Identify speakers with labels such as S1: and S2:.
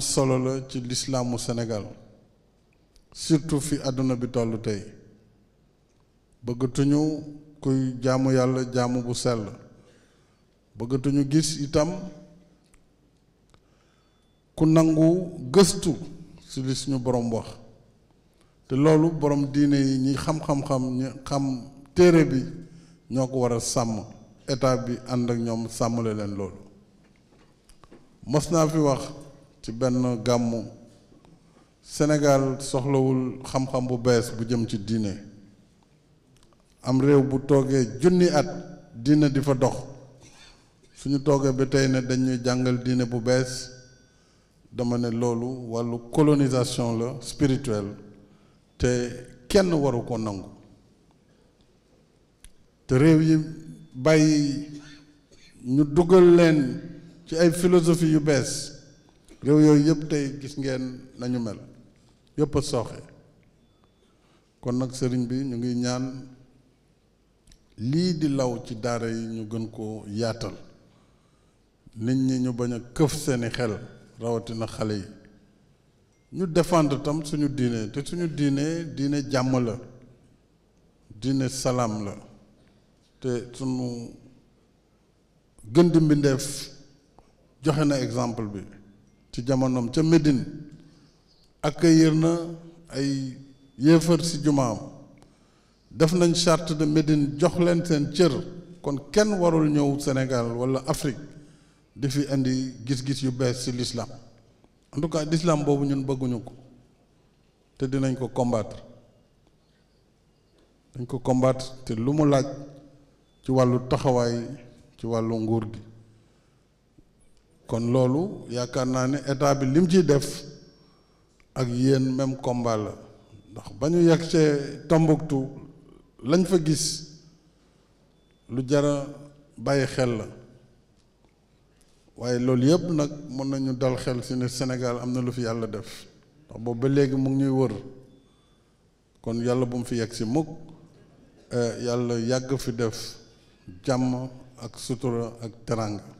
S1: solo la ci lislaamu senegal surtout fi àdduna bi toll tey bëggatuñu kuy jaamu yàlla jaamu bu sell bëggatuñu gis itam ku nangu gëstu ci li borom wax te loolu borom diine yi ñi xam-xam-xam ñi xam téere bi ñoo ko war a sàmm état bi ànd ak ñoom sàmmale leen loolu mos naa fi wax ci benn gàmmu Sénégal soxlawul xam-xam bu bees bu jëm ci diine am réew bu toogee junni at diine di fa dox suñu toogee ba tey ne dañuy jàngal diine bu bees dama ne loolu wàllu colonisation la spirituelle te kenn waru ko nangu te réew yi bàyyi ñu dugal leen ci ay philosophie yu bees réew yooyu yëpp tey gis ngeen nañu mel yépp a sooxe kon nag sëriñ bi ñu ngi ñaan lii di law ci daara yi ñu gën koo yaatal nit ñi ñu bañ a këf seeni xel rawatina xale yi ñu défendre tam suñu diine te suñu diine diine jàmm la diine salaam la te suñu gën di mbindeef joxe na exemple bi ci jamonoom ca Médine accueillir na ay yéefar si jumaam def nañ charte de Médine jox leen seen cër kon kenn warul ñëw Sénégal wala Afrique di fi indi gis-gis yu bees si l'islam en tout cas l'islam boobu ñun bëgguñu ko te dinañ ko combattre dañ ko combattre te lu mu laaj ci wàllu taxawaay ci wàllu nguur gi kon lolu yaakaar naa ne état bi lim ci def ak yeen même combat la ndax bañu yexé Tombouctou lañ fa gis lu jara baye xel la waye lolu yeb nag mën nañu dal xel ci Sénégal amna lu fi Yalla def ndax ba légui mu ngi wër kon Yalla bu mu fi yexé mukk euh Yalla yag fi def jam ak sutura ak teranga